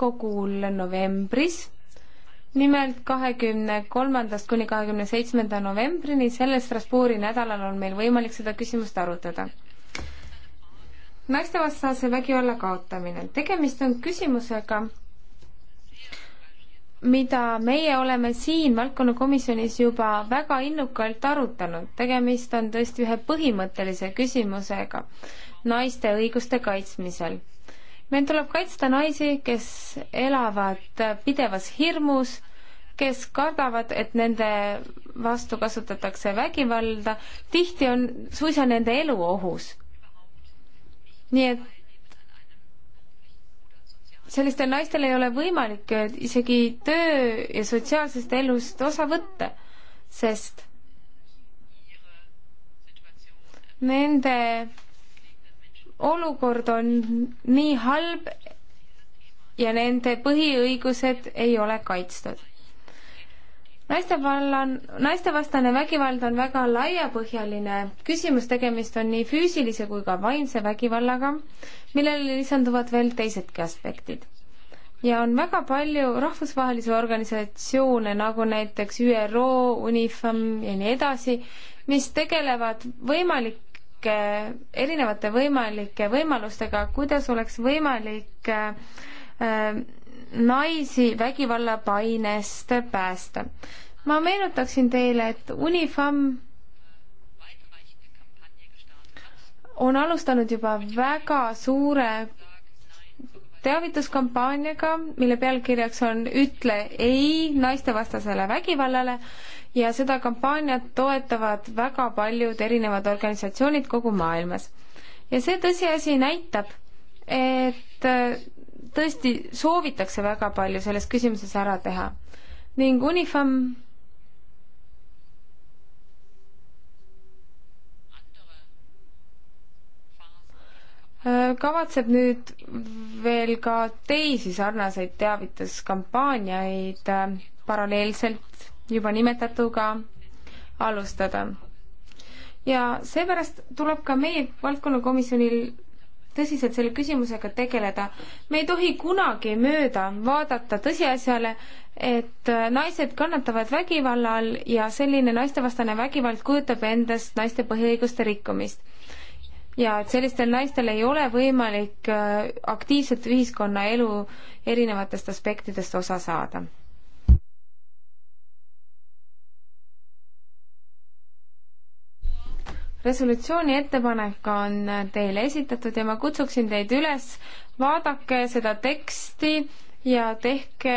täiskogul novembris, nimelt kahekümne kolmandast kuni kahekümne seitsmenda novembrini, sellel Strasbourgi nädalal on meil võimalik seda küsimust arutada. naistevastase vägivalla kaotamine, tegemist on küsimusega, mida meie oleme siin valdkonnakomisjonis juba väga innukalt arutanud, tegemist on tõesti ühe põhimõttelise küsimusega naiste õiguste kaitsmisel meil tuleb kaitsta naisi, kes elavad pidevas hirmus, kes kardavad, et nende vastu kasutatakse vägivalda, tihti on suisa nende elu ohus. nii et sellistel naistel ei ole võimalik isegi töö ja sotsiaalsest elust osa võtta, sest nende olukord on nii halb ja nende põhiõigused ei ole kaitstud. naistevallan, naistevastane vägivald on väga laiapõhjaline küsimus, tegemist on nii füüsilise kui ka vaimse vägivallaga, millele lisanduvad veel teisedki aspektid ja on väga palju rahvusvahelisi organisatsioone, nagu näiteks ÜRO, UNIFEM ja nii edasi, mis tegelevad võimalik, võimalike, erinevate võimalike võimalustega, kuidas oleks võimalik äh, naisi vägivallapainest päästa. ma meenutaksin teile, et Unifam on alustanud juba väga suure teavituskampaaniaga, mille pealkirjaks on Ütle ei naistevastasele vägivallale ja seda kampaaniat toetavad väga paljud erinevad organisatsioonid kogu maailmas. ja see tõsiasi näitab, et äh, tõesti soovitakse väga palju selles küsimuses ära teha ning Unifam äh, kavatseb nüüd veel ka teisi sarnaseid teavituskampaaniaid äh, paralleelselt juba nimetatuga alustada. ja seepärast tuleb ka meie valdkonnakomisjonil tõsiselt selle küsimusega tegeleda. me ei tohi kunagi mööda vaadata tõsiasjale, et naised kannatavad vägivalla all ja selline naistevastane vägivald kujutab endast naiste põhiõiguste rikkumist. ja et sellistel naistel ei ole võimalik äh, aktiivselt ühiskonnaelu erinevatest aspektidest osa saada resolutsiooni ettepanek on teile esitatud ja ma kutsuksin teid üles, vaadake seda teksti ja tehke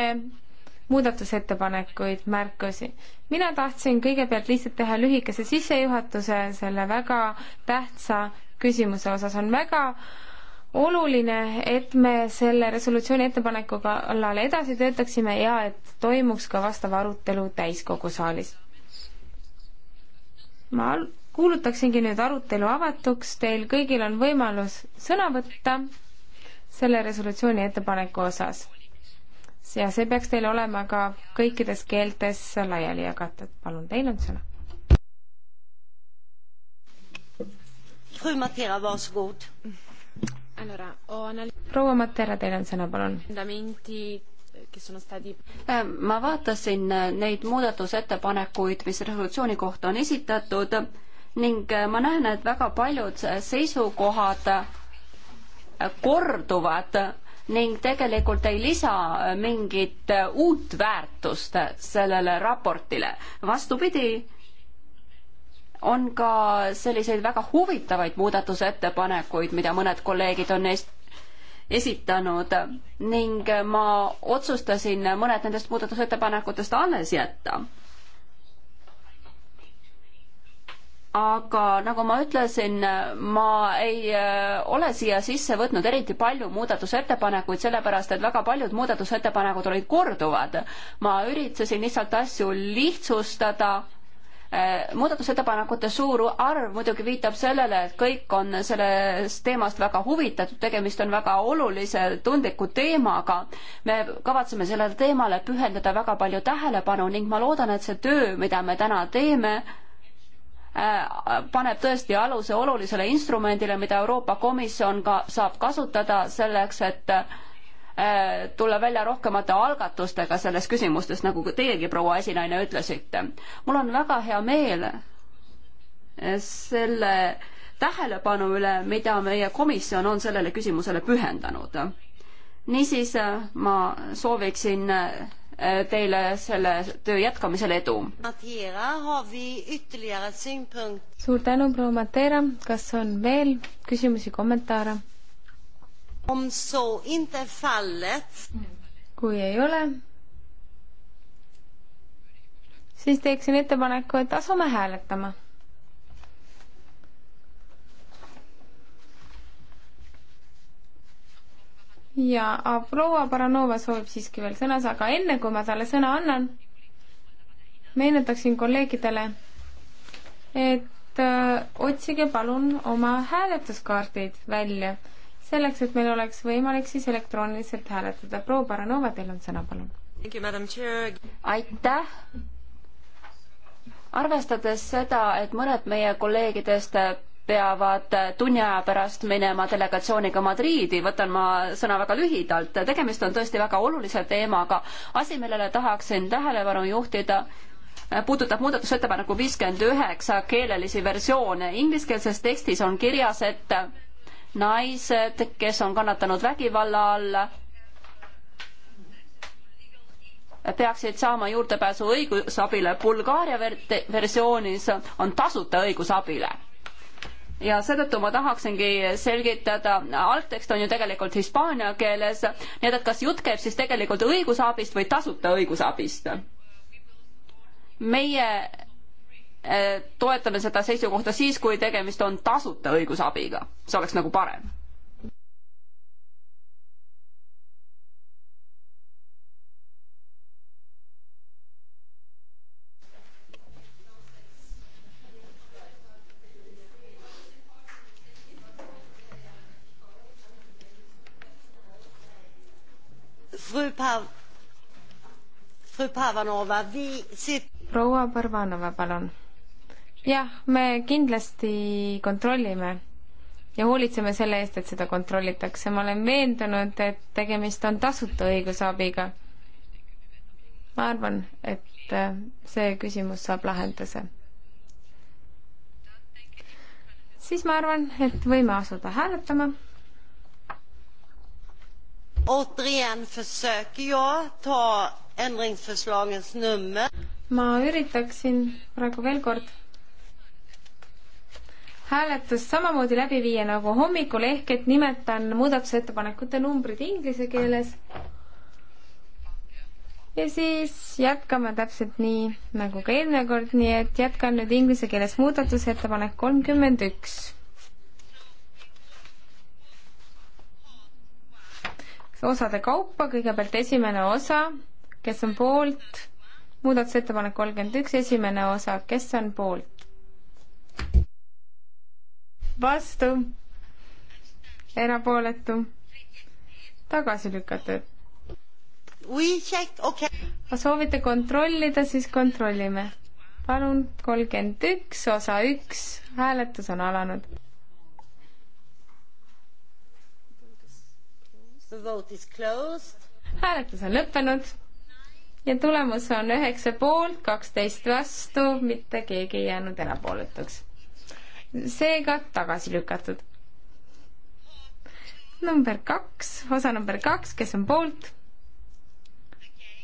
muudatusettepanekuid, märkusi. mina tahtsin kõigepealt lihtsalt teha lühikese sissejuhatuse selle väga tähtsa küsimuse osas, on väga oluline, et me selle resolutsiooni ettepaneku kallal edasi töötaksime ja et toimuks ka vastav arutelu täiskogu saalis. ma al-, kuulutaksingi nüüd arutelu avatuks, teil kõigil on võimalus sõna võtta selle resolutsiooni ettepaneku osas. ja see peaks teil olema ka kõikides keeltes laiali jagatud, palun, teil on sõna. proua Matera, teil on sõna, palun kes on stadi. Äh, ma vaatasin äh, neid muudatusettepanekuid, mis resolutsiooni kohta on esitatud ning äh, ma näen, et väga paljud seisukohad äh, korduvad ning tegelikult ei lisa äh, mingit uut väärtust sellele raportile. vastupidi, on ka selliseid väga huvitavaid muudatusettepanekuid, mida mõned kolleegid on neist esitanud ning ma otsustasin mõned nendest muudatusettepanekutest alles jätta aga nagu ma ütlesin, ma ei äh, ole siia sisse võtnud eriti palju muudatusettepanekuid, sellepärast et väga paljud muudatusettepanekud olid korduvad. ma üritasin lihtsalt asju lihtsustada. Äh, muudatusettepanekute suur arv muidugi viitab sellele, et kõik on sellest teemast väga huvitatud, tegemist on väga olulise tundliku teemaga. me kavatseme sellele teemale pühendada väga palju tähelepanu ning ma loodan, et see töö, mida me täna teeme, Äh, paneb tõesti aluse olulisele instrumendile, mida Euroopa Komisjon ka saab kasutada selleks, et äh, tulla välja rohkemate algatustega selles küsimustes, nagu teiegi, proua esinaine, ütlesite. mul on väga hea meel äh, selle tähelepanu üle, mida meie komisjon on sellele küsimusele pühendanud. niisiis ma sooviksin teile selle töö jätkamisel edu. suur tänu, proua Matera, kas on veel küsimusi, kommentaare? kui ei ole, siis teeksin ettepaneku, et asume hääletama ja proua Baranova soovib siiski veel sõna saada, aga enne kui ma talle sõna annan, meenutaksin kolleegidele, et öö, äh, otsige palun oma hääletuskaardid välja, selleks et meil oleks võimalik siis elektrooniliselt hääletada. proua Baranova, teil on sõna, palun. aitäh arvestades seda, et mõned meie kolleegidest peavad äh, tunni aja pärast minema delegatsiooniga Madriidi, võtan ma sõna väga lühidalt. tegemist on tõesti väga olulise teemaga. asi, millele tahaksin tähelepanu juhtida, äh, puudutab muudatusettepaneku viiskümmend üheksa keelelisi versioone. Ingliskeelses tekstis on kirjas, et naised, kes on kannatanud vägivalla all, peaksid saama juurdepääsu õigusabile. Bulgaaria ver-, versioonis on tasuta õigusabile ja seetõttu ma tahaksingi selgitada, algtekst on ju tegelikult hispaania keeles, nii et, et kas jutt käib siis tegelikult õigusabist või tasuta õigusabist? meie eh, toetame seda seisukohta siis, kui tegemist on tasuta õigusabiga, see oleks nagu parem Fru Pav-, Fru Pavanova, vi sit-. proua Parvanova, palun. jah, me kindlasti kontrollime ja hoolitseme selle eest, et seda kontrollitakse. ma olen veendunud, et tegemist on tasuta õigusabiga. ma arvan, et äh, see küsimus saab lahenduse. siis ma arvan, et võime asuda hääletama Återigen försöker jag ta ändringsförslagens nummer. ma üritaksin praegu veel kord hääletust samamoodi läbi viia nagu hommikul, ehk et nimetan muudatusettepanekute numbrid inglise keeles. ja siis jätkame täpselt nii nagu ka eelmine kord, nii et jätkan nüüd inglise keeles muudatusettepanek kolmkümmend üks osade kaupa, kõigepealt esimene osa, kes on poolt, muudatusettepanek kolmkümmend üks, esimene osa, kes on poolt? vastu, erapooletu, tagasi lükatud. Okay. soovite kontrollida, siis kontrollime. palun, kolmkümmend üks, osa üks, hääletus on alanud hääletus on lõppenud ja tulemus on üheksa poolt, kaksteist vastu, mitte keegi ei jäänud erapooletuks. seega tagasi lükatud. number kaks, osa number kaks, kes on poolt?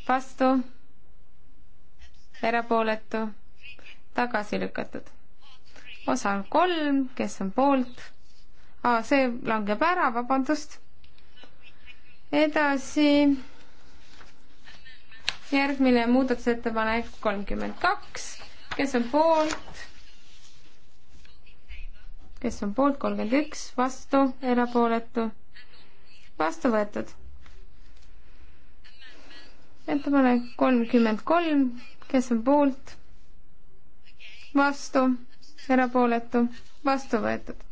vastu? erapooletu? tagasi lükatud. osa kolm, kes on poolt? aa, see langeb ära, vabandust edasi järgmine muudatusettepanek kolmkümmend kaks, kes on poolt? kes on poolt, kolmkümmend üks, vastu, erapooletu, vastu võetud. ettepanek kolmkümmend kolm, kes on poolt, vastu, erapooletu, vastu võetud.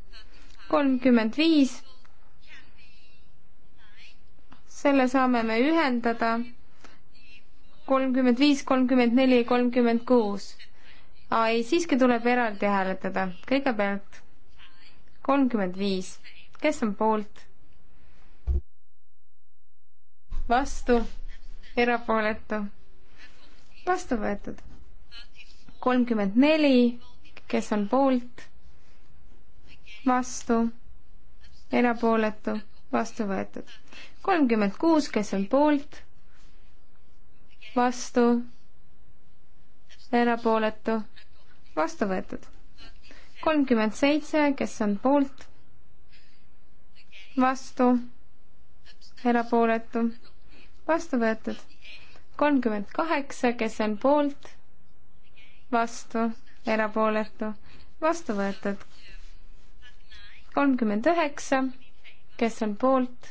kolmkümmend viis selle saame me ühendada kolmkümmend viis, kolmkümmend neli, kolmkümmend kuus. ei, siiski tuleb eraldi hääletada. kõigepealt kolmkümmend viis. kes on poolt? vastu, erapooletu, vastu võetud. kolmkümmend neli, kes on poolt, vastu, erapooletu vastu võetud. kolmkümmend kuus, kes on poolt, vastu, erapooletu, vastu võetud. kolmkümmend seitse, kes on poolt, vastu, erapooletu, vastu võetud. kolmkümmend kaheksa, kes on poolt, vastu, erapooletu, vastu võetud. kolmkümmend üheksa kes on poolt,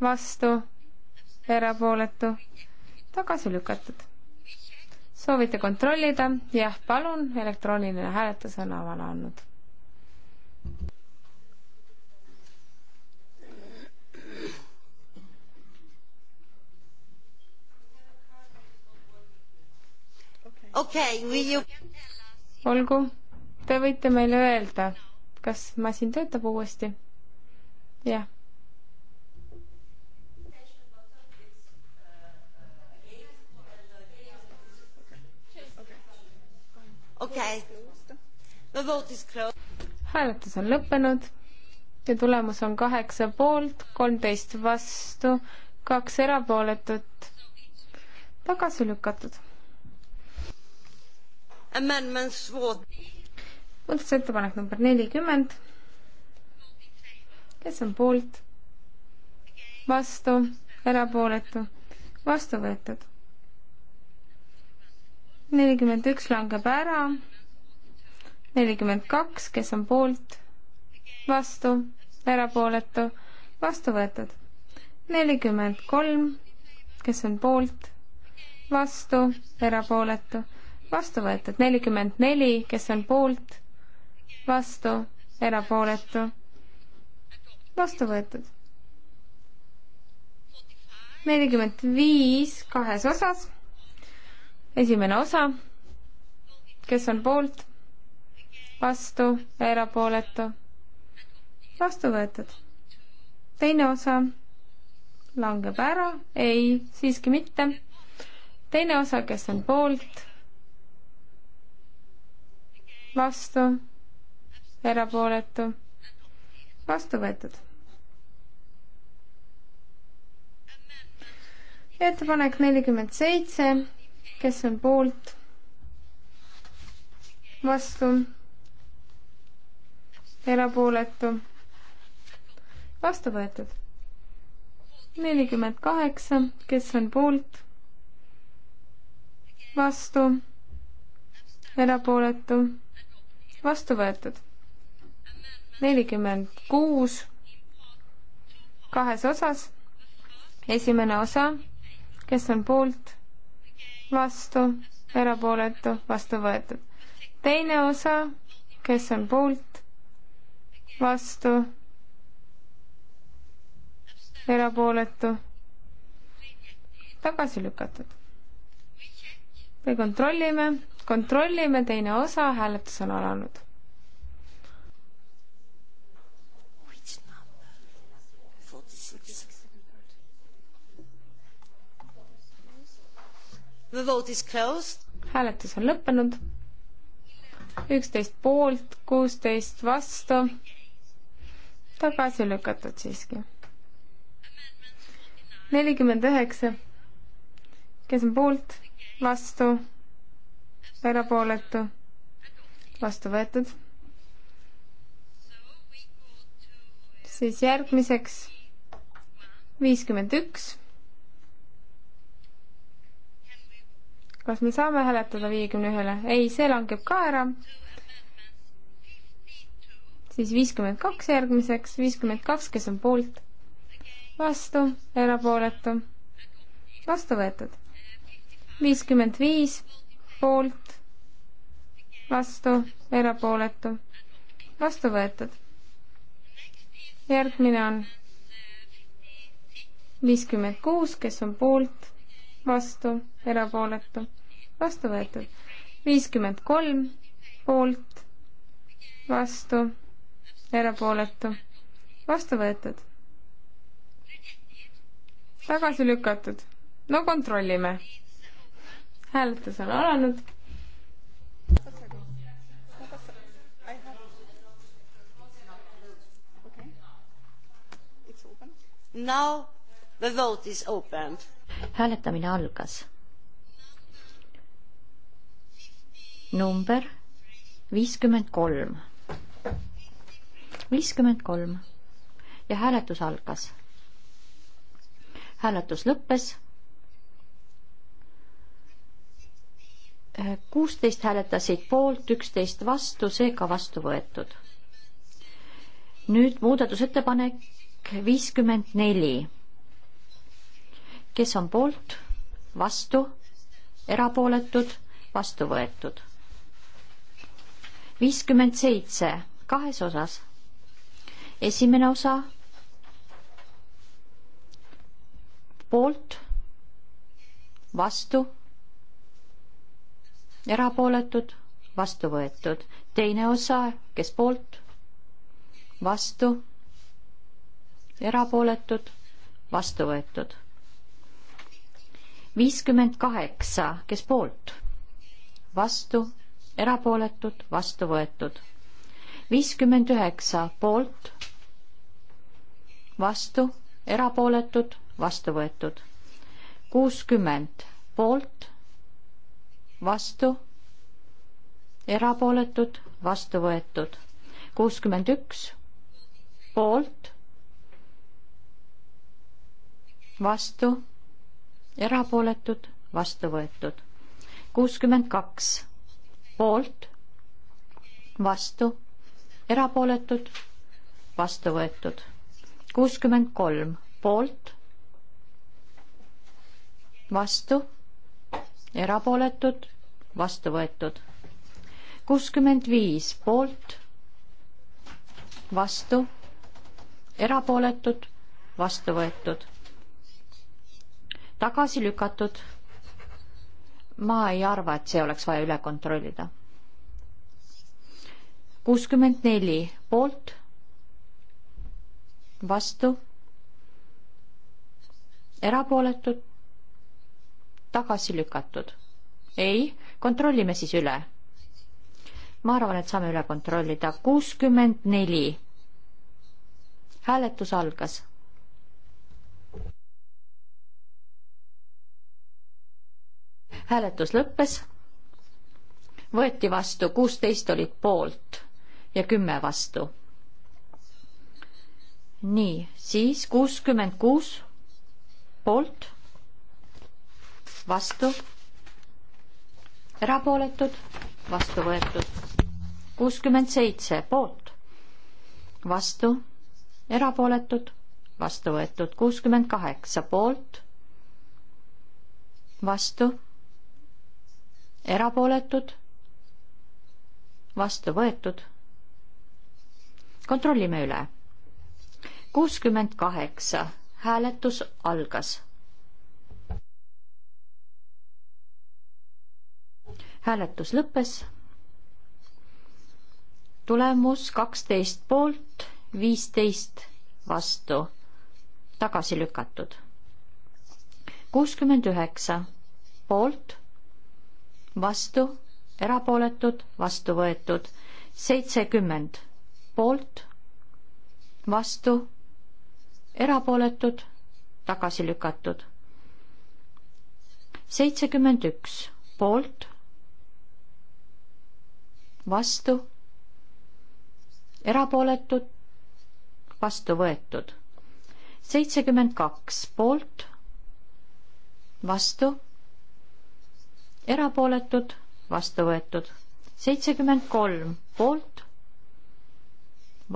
vastu, erapooletu, tagasi lükatud. soovite kontrollida? jah, palun, elektrooniline hääletus on avanud. okei okay,, või ju. olgu, te võite meile öelda, kas masin töötab uuesti jah. okei okay.. hääletus on lõppenud ja tulemus on kaheksa poolt, kolmteist vastu, kaks erapooletut, tagasi lükatud. muudatusettepanek number nelikümmend kes on poolt, vastu, erapooletu, vastu võetud. nelikümmend üks langeb ära, nelikümmend kaks, kes on poolt, vastu, erapooletu, vastu võetud. nelikümmend kolm, kes on poolt, vastu, erapooletu, vastu võetud. nelikümmend neli, kes on poolt, vastu, erapooletu vastu võetud. nelikümmend viis kahes osas. esimene osa, kes on poolt, vastu, erapooletu, vastu võetud. teine osa langeb ära, ei, siiski mitte. teine osa, kes on poolt, vastu, erapooletu vastu võetud. ettepanek nelikümmend seitse, kes on poolt, vastu, erapooletu, vastu võetud. nelikümmend kaheksa, kes on poolt, vastu, erapooletu, vastu võetud nelikümmend kuus kahes osas. esimene osa, kes on poolt, vastu, erapooletu, vastu võetud. teine osa, kes on poolt, vastu, erapooletu, tagasi lükatud. me kontrollime, kontrollime teine osa, hääletus on alanud. hääletus on lõppenud. üksteist poolt, kuusteist vastu. tagasi lükatud siiski. nelikümmend üheksa. kes on poolt, vastu, erapooletu, vastu võetud. siis järgmiseks viiskümmend üks kas me saame hääletada viiekümne ühele? ei, see langeb ka ära. siis viiskümmend kaks järgmiseks, viiskümmend kaks, kes on poolt, vastu, erapooletu, vastu võetud. viiskümmend viis poolt, vastu, erapooletu, vastu võetud. järgmine on viiskümmend kuus, kes on poolt vastu, erapooletu, vastu võetud. viiskümmend kolm poolt, vastu, erapooletu, vastu võetud. tagasi lükatud. no kontrollime. hääletus on alanud. Now the vote is opened hääletamine algas. number viiskümmend kolm. viiskümmend kolm ja hääletus algas. hääletus lõppes. kuusteist hääletasid poolt, üksteist vastu, seega vastu võetud. nüüd muudatusettepanek viiskümmend neli kes on poolt, vastu, erapooletud, vastu võetud. viiskümmend seitse kahes osas. esimene osa poolt, vastu, erapooletud, vastu võetud. teine osa, kes poolt, vastu, erapooletud, vastu võetud viiskümmend kaheksa, kes poolt? vastu, erapooletud, vastu võetud. viiskümmend üheksa poolt, vastu, erapooletud, vastu võetud. kuuskümmend poolt, vastu, erapooletud, vastu võetud. kuuskümmend üks poolt, vastu erapooletud, vastu võetud. kuuskümmend kaks poolt, vastu, erapooletud, vastu võetud. kuuskümmend kolm poolt, vastu, erapooletud, vastu võetud. kuuskümmend viis poolt, vastu, erapooletud, vastu võetud tagasi lükatud. ma ei arva, et see oleks vaja üle kontrollida. kuuskümmend neli poolt, vastu, erapooletud, tagasi lükatud. ei, kontrollime siis üle. ma arvan, et saame üle kontrollida. kuuskümmend neli. hääletus algas hääletus lõppes, võeti vastu, kuusteist olid poolt ja kümme vastu. nii, siis kuuskümmend kuus poolt, vastu, erapooletud, vastu võetud, kuuskümmend seitse poolt, vastu, erapooletud vastu võetud kuuskümmend kaheksa poolt, vastu, erapooletud, vastu võetud. kontrollime üle. kuuskümmend kaheksa, hääletus algas. hääletus lõppes. tulemus kaksteist poolt, viisteist vastu, tagasi lükatud. kuuskümmend üheksa poolt vastu, erapooletud, vastu võetud. seitsekümmend poolt, vastu, erapooletud, tagasi lükatud. seitsekümmend üks poolt, vastu, erapooletud, vastu võetud. seitsekümmend kaks poolt, vastu erapooletud, vastu võetud. seitsekümmend kolm poolt,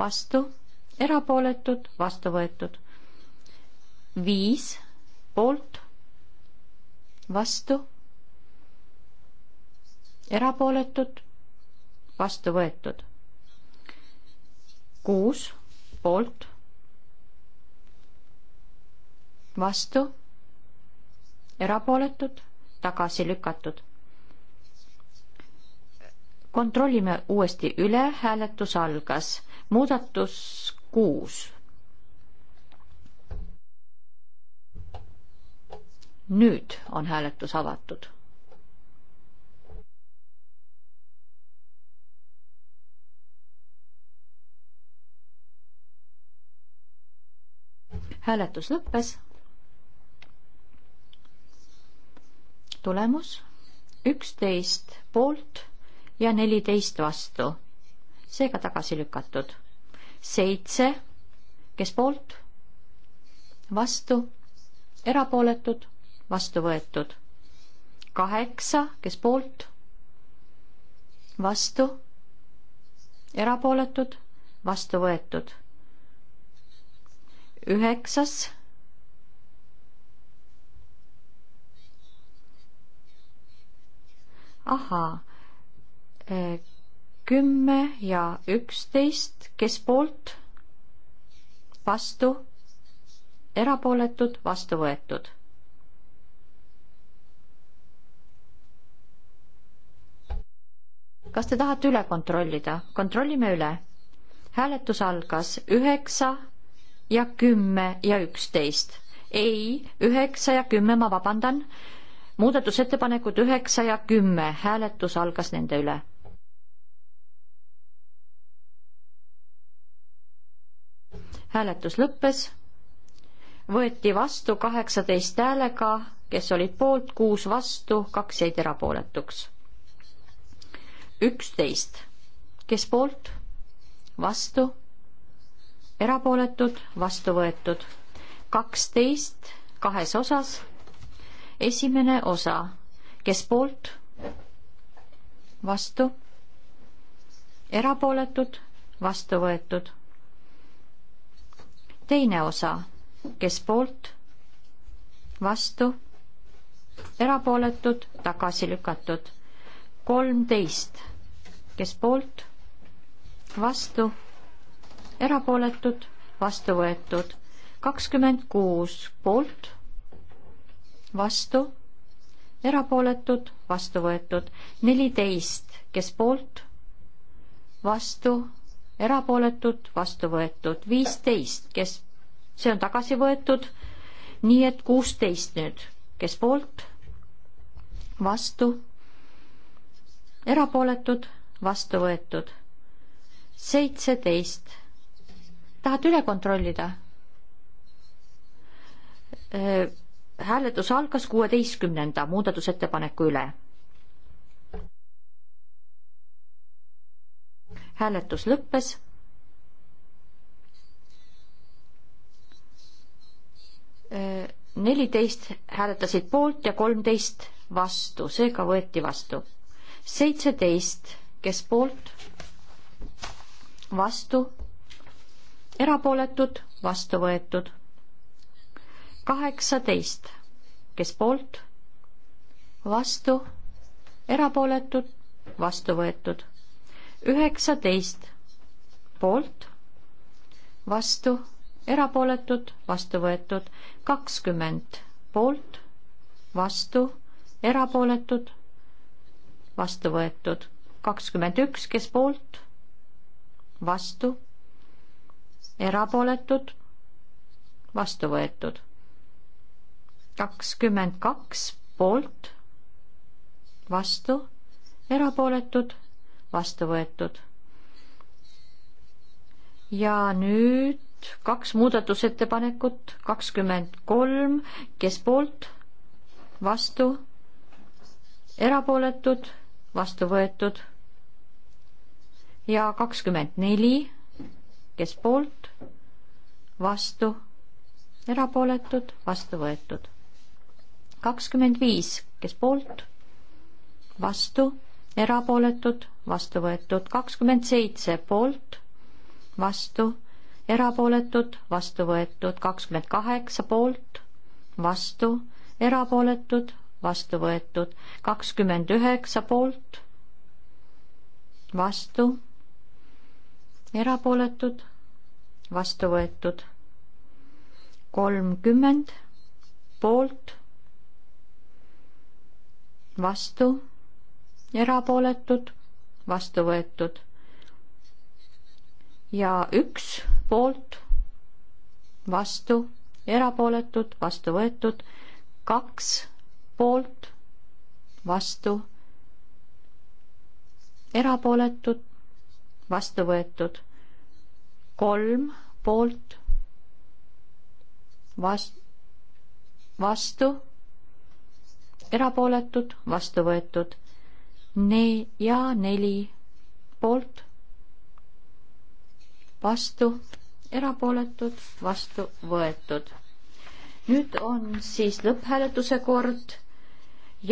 vastu, erapooletud, vastu võetud. viis poolt, vastu, erapooletud, vastu võetud. kuus poolt, vastu, erapooletud tagasi lükatud. kontrollime uuesti üle, hääletus algas. muudatus kuus. nüüd on hääletus avatud hääletus lõppes tulemus üksteist poolt ja neliteist vastu, seega tagasi lükatud. seitse, kes poolt, vastu, erapooletud, vastu võetud. kaheksa, kes poolt, vastu, erapooletud, vastu võetud. üheksas ahaa, äh, kümme ja üksteist, kes poolt, vastu, erapooletud, vastu võetud kas te tahate üle kontrollida? kontrollime üle. hääletus algas üheksa ja kümme ja üksteist. ei, üheksa ja kümme, ma vabandan, muudatusettepanekud üheksa ja kümme, hääletus algas nende üle. hääletus lõppes, võeti vastu kaheksateist häälega, kes olid poolt, kuus vastu, kaks jäid erapooletuks. üksteist, kes poolt, vastu, erapooletud, vastu võetud, kaksteist kahes osas esimene osa, kes poolt, vastu, erapooletud, vastu võetud. teine osa, kes poolt, vastu, erapooletud, tagasi lükatud. kolmteist, kes poolt, vastu, erapooletud, vastu võetud. kakskümmend kuus poolt vastu, erapooletud, vastu võetud. neliteist, kes poolt, vastu, erapooletud, vastu võetud. viisteist, kes, see on tagasi võetud, nii et kuusteist nüüd, kes poolt, vastu, erapooletud, vastu võetud. seitseteist, tahad üle kontrollida? hääletus algas kuueteistkümnenda muudatusettepaneku üle. hääletus lõppes. neliteist hääletasid poolt ja kolmteist vastu, seega võeti vastu. seitseteist, kes poolt, vastu, erapooletud, vastu võetud kaheksateist, kes poolt, vastu, erapooletud, vastu võetud. üheksateist poolt, vastu, erapooletud, vastu võetud. kakskümmend poolt, vastu, erapooletud, vastu võetud. kakskümmend üks, kes poolt, vastu, erapooletud, vastu võetud kakskümmend kaks poolt, vastu, erapooletud, vastu võetud. ja nüüd kaks muudatusettepanekut, kakskümmend kolm, kes poolt, vastu, erapooletud, vastu võetud ja kakskümmend neli, kes poolt, vastu, erapooletud, vastu võetud kakskümmend viis, kes poolt, vastu, erapooletud, vastu võetud, kakskümmend seitse poolt, vastu, erapooletud, vastu võetud, kakskümmend kaheksa poolt, vastu, erapooletud, vastu võetud, kakskümmend üheksa poolt, vastu, erapooletud, vastu võetud, kolmkümmend poolt vastu, erapooletud, vastu võetud. ja üks poolt, vastu, erapooletud, vastu võetud, kaks poolt, vastu, erapooletud, vastu võetud, kolm poolt, vastu, vastu erapooletud, vastu võetud ne- ja neli poolt, vastu, erapooletud, vastu võetud. nüüd on siis lõpphääletuse kord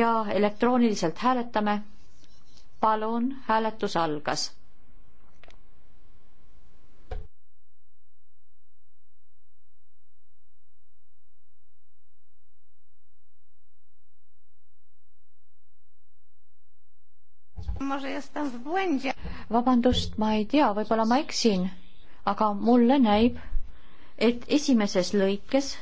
ja elektrooniliselt hääletame. palun, hääletus algas vabandust, ma ei tea, võib-olla ma eksin, aga mulle näib, et esimeses lõikes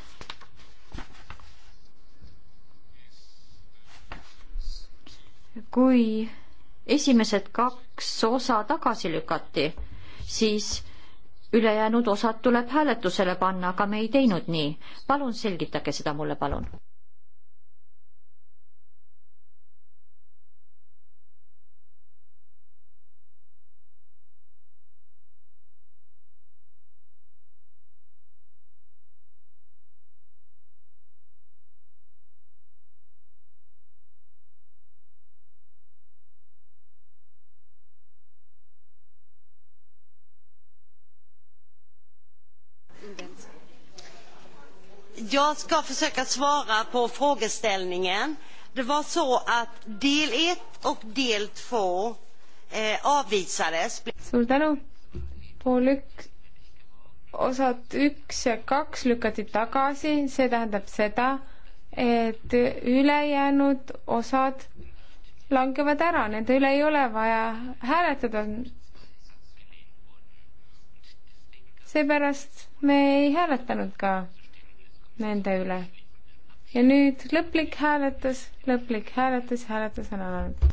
kui esimesed kaks osa tagasi lükati, siis ülejäänud osad tuleb hääletusele panna, aga me ei teinud nii. palun selgitage seda mulle, palun Jag ska försöka svara på frågeställningen. Det var så att del 1 och del 2 eh, avvisades. Suur tänu. Pool üks, osad üks ja kaks lükati tagasi, see tähendab seda, et ülejäänud osad langevad ära, nende üle ei ole vaja hääletada. seepärast me ei hääletanud ka nende üle. ja nüüd lõplik hääletus, lõplik hääletus, hääletus on alanud.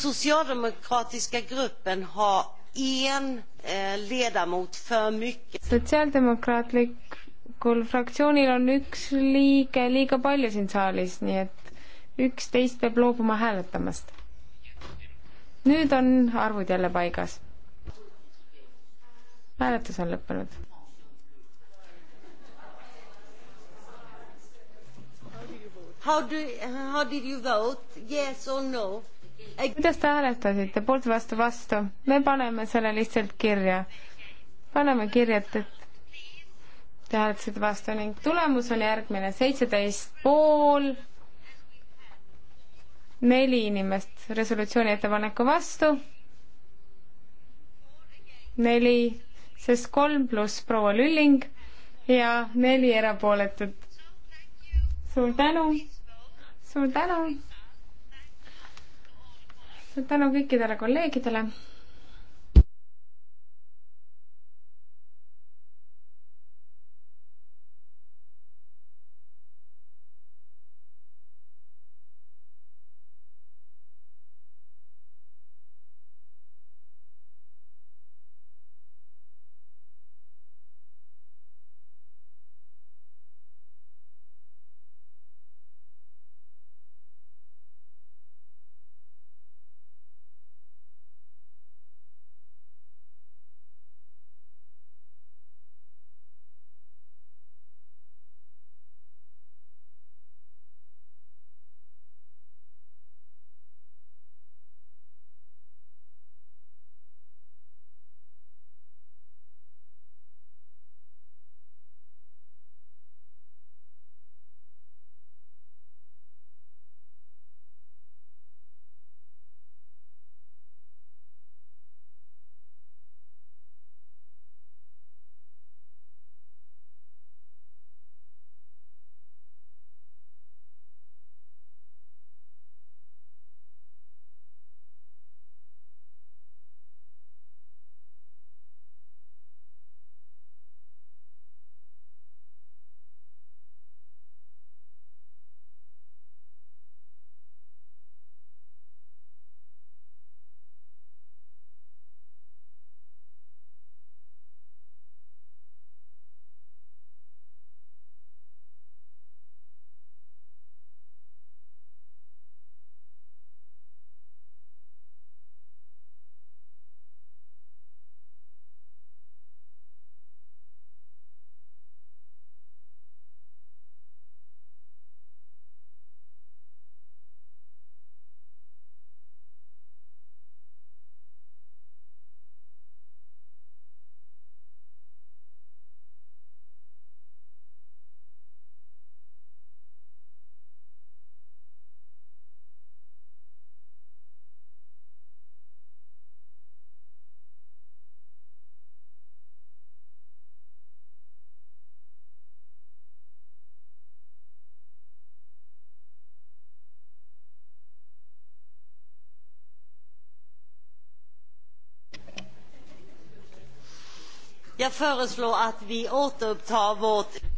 Socialdemokratiska gruppen har en eh, ledamot för mycket. Sotsiaaldemokraatlikul fraktsioonil on üks liige liiga palju siin saalis, nii et üksteist peab loobuma hääletamast nüüd on arvud jälle paigas. hääletus on lõppenud. How do, how did you vote yes or no? kuidas te hääletasite, poolt vastu vastu? me paneme selle lihtsalt kirja. paneme kirja, et, et te hääletasite vastu ning tulemus on järgmine, seitseteist pool neli inimest resolutsiooni ettepaneku vastu, neli, sest kolm pluss proua Lülling ja neli erapooletut. suur tänu, suur tänu, suur tänu kõikidele kolleegidele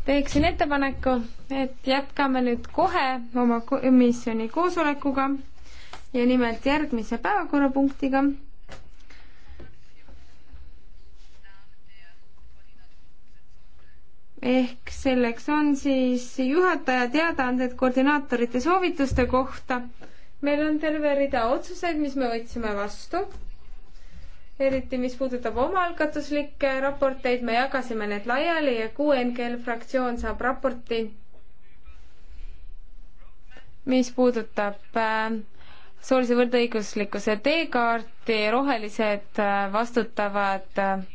teeksin ettepaneku, et jätkame nüüd kohe oma komisjoni koosolekuga ja nimelt järgmise päevakorrapunktiga. ehk selleks on siis juhataja teadaanded koordinaatorite soovituste kohta. meil on terve rida otsuseid, mis me võtsime vastu eriti mis puudutab omaalgatuslikke raporteid, me jagasime need laiali ja QNGL fraktsioon saab raporti, mis puudutab äh, soolise võrdõiguslikkuse teekaarti, rohelised äh, vastutavad äh,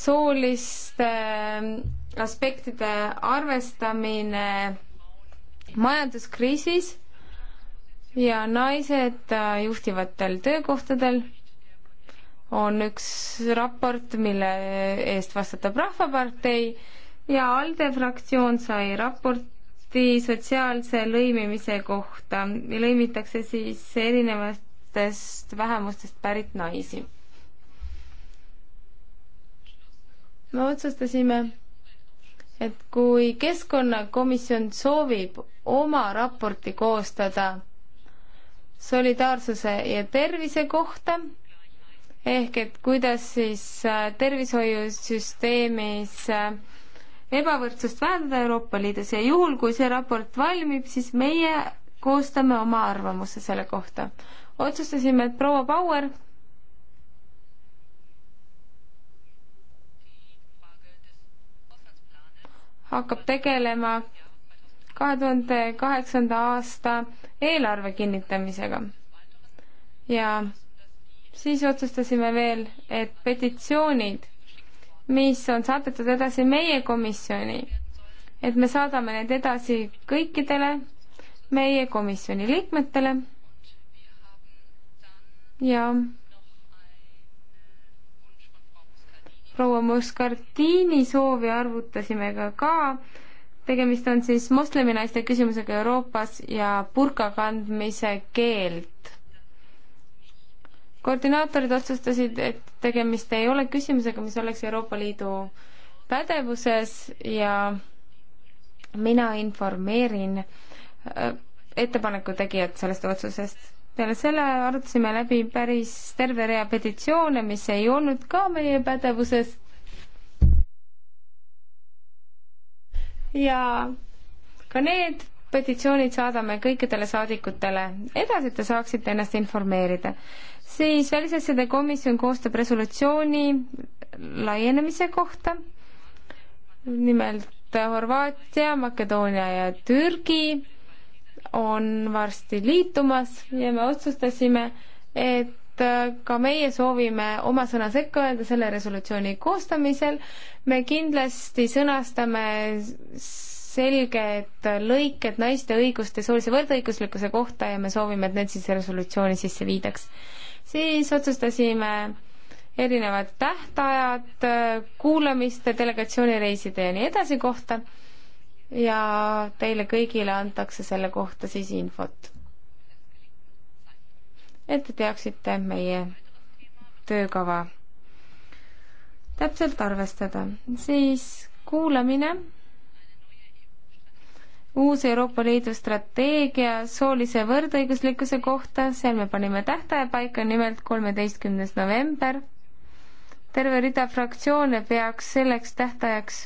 sooliste aspektide arvestamine majanduskriisis ja naised äh, juhtivatel töökohtadel on üks raport, mille eest vastutab Rahvapartei ja ALDE fraktsioon sai raporti sotsiaalse lõimimise kohta ja lõimitakse siis erinevatest vähemustest pärit naisi. me otsustasime, et kui keskkonnakomisjon soovib oma raporti koostada solidaarsuse ja tervise kohta, ehk et kuidas siis äh, tervishoiusüsteemis äh, ebavõrdsust vähendada Euroopa Liidus ja juhul, kui see raport valmib, siis meie koostame oma arvamuse selle kohta. otsustasime, et proua Bauer hakkab tegelema kahe tuhande kaheksanda aasta eelarve kinnitamisega. ja siis otsustasime veel, et petitsioonid, mis on saadetud edasi meie komisjoni, et me saadame need edasi kõikidele meie komisjoni liikmetele ja proua Moskardiini soovi arvutasime ka ka tegemist on siis moslemi naiste küsimusega Euroopas ja burka kandmise keeld. koordinaatorid otsustasid, et tegemist ei ole küsimusega, mis oleks Euroopa Liidu pädevuses ja mina informeerin äh, ettepaneku tegijat sellest otsusest peale selle arutasime läbi päris terve rea petitsioone, mis ei olnud ka meie pädevuses ja ka need petitsioonid saadame kõikidele saadikutele edasi, et te saaksite ennast informeerida. siis Välisasjade Komisjon koostab resolutsiooni laienemise kohta, nimelt Horvaatia, Makedoonia ja Türgi on varsti liitumas ja me otsustasime, et Äh, ka meie soovime oma sõna sekka öelda selle resolutsiooni koostamisel. me kindlasti sõnastame selged lõiked naiste õiguste soolise võrdõiguslikkuse kohta ja me soovime, et need siis resolutsiooni sisse viidaks. siis otsustasime erinevad tähtajad kuulamiste, delegatsioonireiside ja nii edasi kohta ja teile kõigile antakse selle kohta siis infot et te teaksite meie töökava täpselt arvestada. siis kuulamine, uus Euroopa Liidu strateegia soolise võrdõiguslikkuse kohta, seal me panime tähtaja paika, nimelt kolmeteistkümnes november. terve rida fraktsioone peaks selleks tähtajaks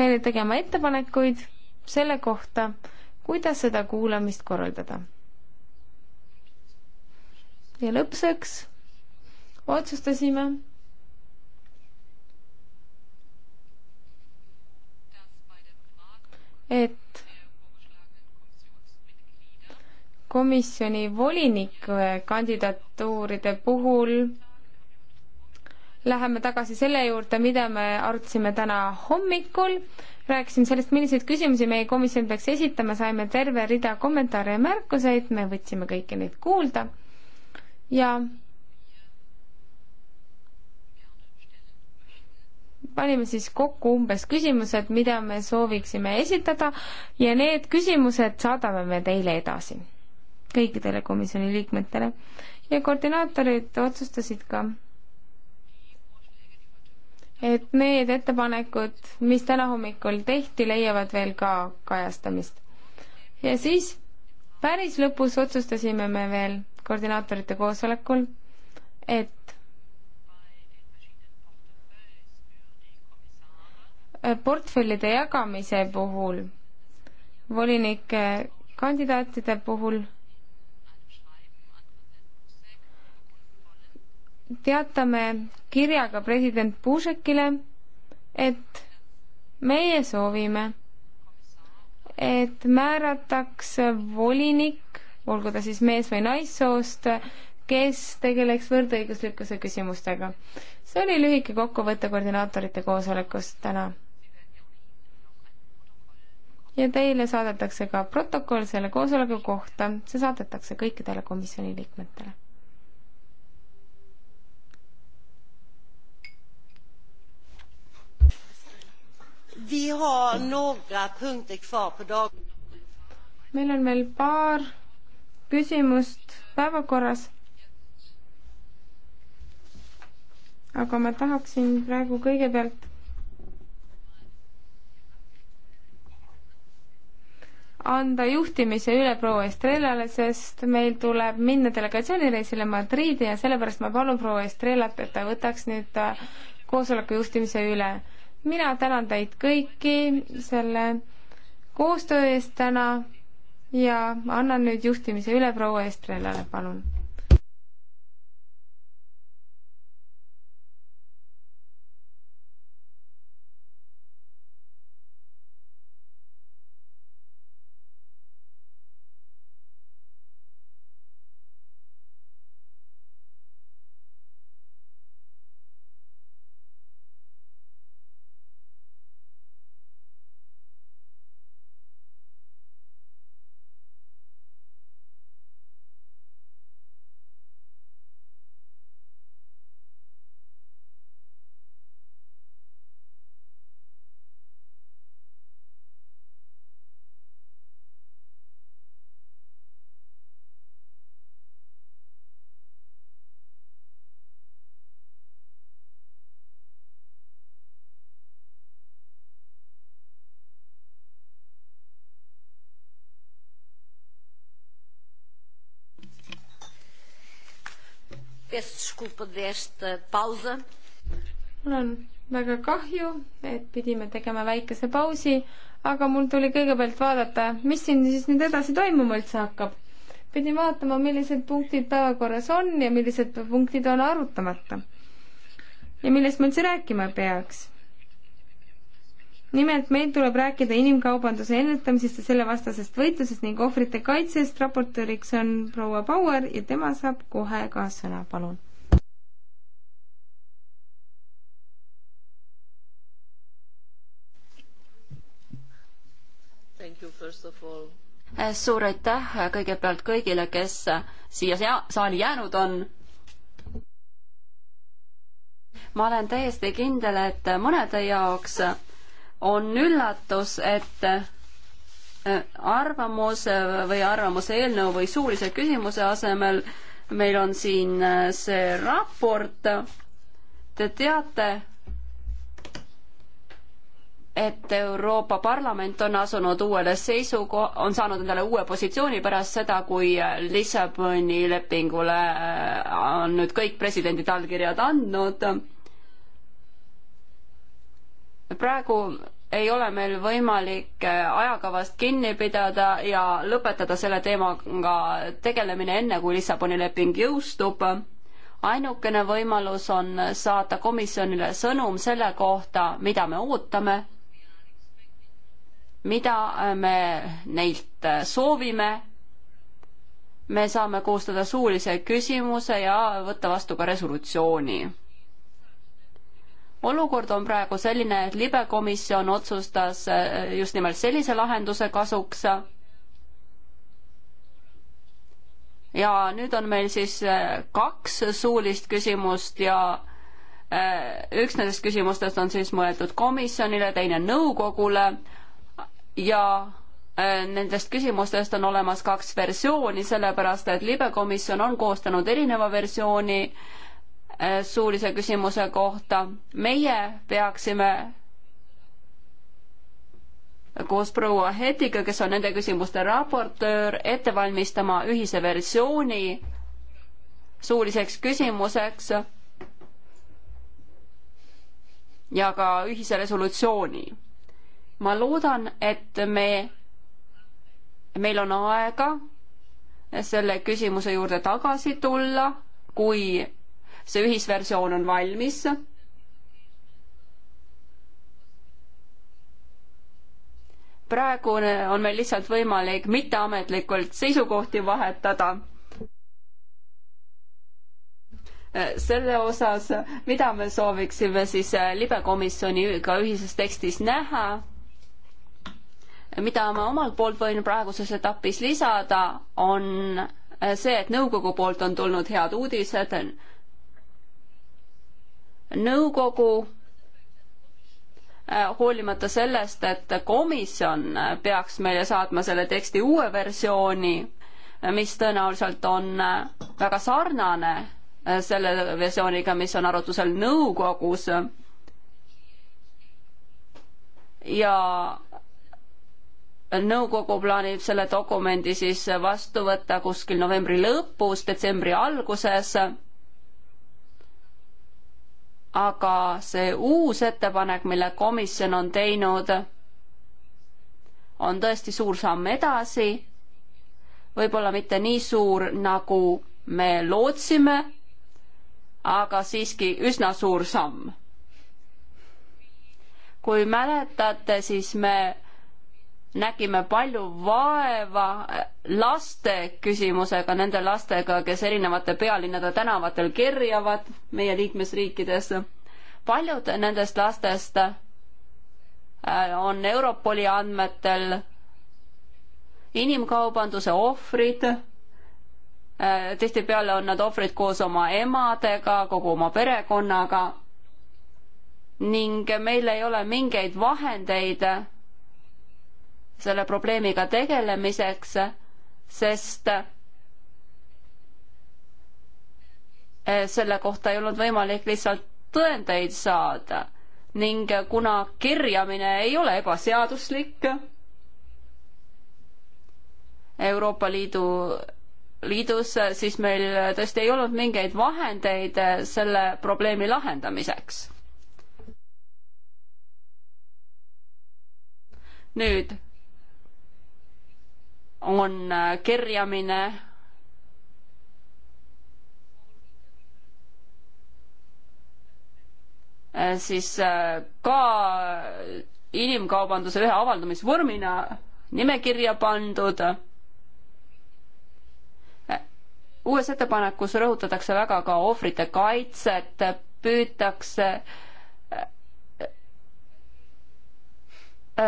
meile tegema ettepanekuid selle kohta, kuidas seda kuulamist korraldada ja lõpseks otsustasime, et komisjoni volinike kandidatuuride puhul läheme tagasi selle juurde, mida me arutasime täna hommikul. rääkisime sellest, milliseid küsimusi meie komisjon peaks esitama, saime terve rida kommentaare ja märkuseid, me võtsime kõiki neid kuulda ja panime siis kokku umbes küsimused, mida me sooviksime esitada ja need küsimused saadame me teile edasi, kõikidele komisjoni liikmetele. ja koordinaatorid otsustasid ka, et need ettepanekud, mis täna hommikul tehti, leiavad veel ka kajastamist. ja siis päris lõpus otsustasime me veel koordinaatorite koosolekul, et portfellide jagamise puhul, volinike kandidaatide puhul teatame kirjaga president Puusekile, et meie soovime, et määrataks volinik olgu ta siis mees või naissoost, kes tegeleks võrdõiguslikkuse küsimustega. see oli lühike kokkuvõte koordinaatorite koosolekust täna. ja teile saadetakse ka protokoll selle koosoleku kohta, see saadetakse kõikidele komisjoni liikmetele. meil on veel paar küsimust päevakorras. aga ma tahaksin praegu kõigepealt anda juhtimise üle proua Estrellale, sest meil tuleb minna delegatsioonireisile Madriidi ja sellepärast ma palun proua Estrellat, et ta võtaks nüüd äh, koosoleku juhtimise üle. mina tänan teid kõiki selle koostöö eest täna ja annan nüüd juhtimise üle proua Estrelale, palun. desculpa desta pausa. mul on väga kahju, et pidime tegema väikese pausi, aga mul tuli kõigepealt vaadata, mis siin siis nüüd edasi toimuma üldse hakkab. pidin vaatama, millised punktid päevakorras on ja millised punktid on arutamata. ja millest me üldse rääkima peaks. nimelt meil tuleb rääkida inimkaubanduse ennetamisest ja sellevastasest võitlusest ning ohvrite kaitsest. raportööriks on proua Bauer ja tema saab kohe ka sõna, palun Eh, suur aitäh kõigepealt kõigile, kes siia saali jäänud on. ma olen täiesti kindel, et mõnede jaoks on üllatus, et eh, arvamuse või arvamuse eelnõu või suulise küsimuse asemel meil on siin eh, see raport. Te teate, et Euroopa Parlament on asunud uuele seisuko-, on saanud endale uue positsiooni pärast seda, kui Lissaboni lepingule äh, on nüüd kõik presidendid allkirjad andnud. praegu ei ole meil võimalik äh, ajakavast kinni pidada ja lõpetada selle teemaga tegelemine enne, kui Lissaboni leping jõustub. ainukene võimalus on saata komisjonile sõnum selle kohta, mida me ootame mida äh, me neilt äh, soovime. me saame koostada suulise küsimuse ja võtta vastu ka resolutsiooni. olukord on praegu selline, et libekomisjon otsustas äh, just nimelt sellise lahenduse kasuks. ja nüüd on meil siis kaks suulist küsimust ja üks nendest küsimustest on siis mõeldud komisjonile, teine nõukogule ja äh, nendest küsimustest on olemas kaks versiooni, sellepärast et libekomisjon on koostanud erineva versiooni äh, suulise küsimuse kohta. meie peaksime koos proua Hetiga, kes on nende küsimuste raportöör, ette valmistama ühise versiooni suuliseks küsimuseks ja ka ühise resolutsiooni ma loodan, et me, meil on aega selle küsimuse juurde tagasi tulla, kui see ühisversioon on valmis. praegu on meil lihtsalt võimalik mitteametlikult seisukohti vahetada selle osas, mida me sooviksime siis libekomisjoniga ühises tekstis näha mida ma omalt poolt võin praeguses etapis lisada, on see, et nõukogu poolt on tulnud head uudised. nõukogu eh, hoolimata sellest, et komisjon peaks meile saatma selle teksti uue versiooni, mis tõenäoliselt on eh, väga sarnane eh, selle versiooniga, mis on arutusel nõukogus. ja nõukogu plaanib selle dokumendi siis vastu võtta kuskil novembri lõpus, detsembri alguses. aga see uus ettepanek, mille komisjon on teinud, on tõesti suur samm edasi. võib-olla mitte nii suur, nagu me lootsime, aga siiski üsna suur samm. kui mäletate, siis me nägime palju vaeva laste küsimusega, nende lastega, kes erinevate pealinnade tänavatel kerjavad meie liikmesriikides. paljud nendest lastest äh, on Europoli andmetel inimkaubanduse ohvrid. Äh, tihtipeale on nad ohvrid koos oma emadega, kogu oma perekonnaga ning meil ei ole mingeid vahendeid selle probleemiga tegelemiseks, sest eh, selle kohta ei olnud võimalik lihtsalt tõendeid saada ning kuna kirjamine ei ole ebaseaduslik, Euroopa Liidu, liidus, siis meil tõesti ei olnud mingeid vahendeid eh, selle probleemi lahendamiseks. nüüd on äh, kerjamine äh, siis äh, ka inimkaubanduse ühe avaldamisvormina nimekirja pandud. uues ettepanekus rõhutatakse väga ka ohvrite kaitset, püütakse äh, Äh,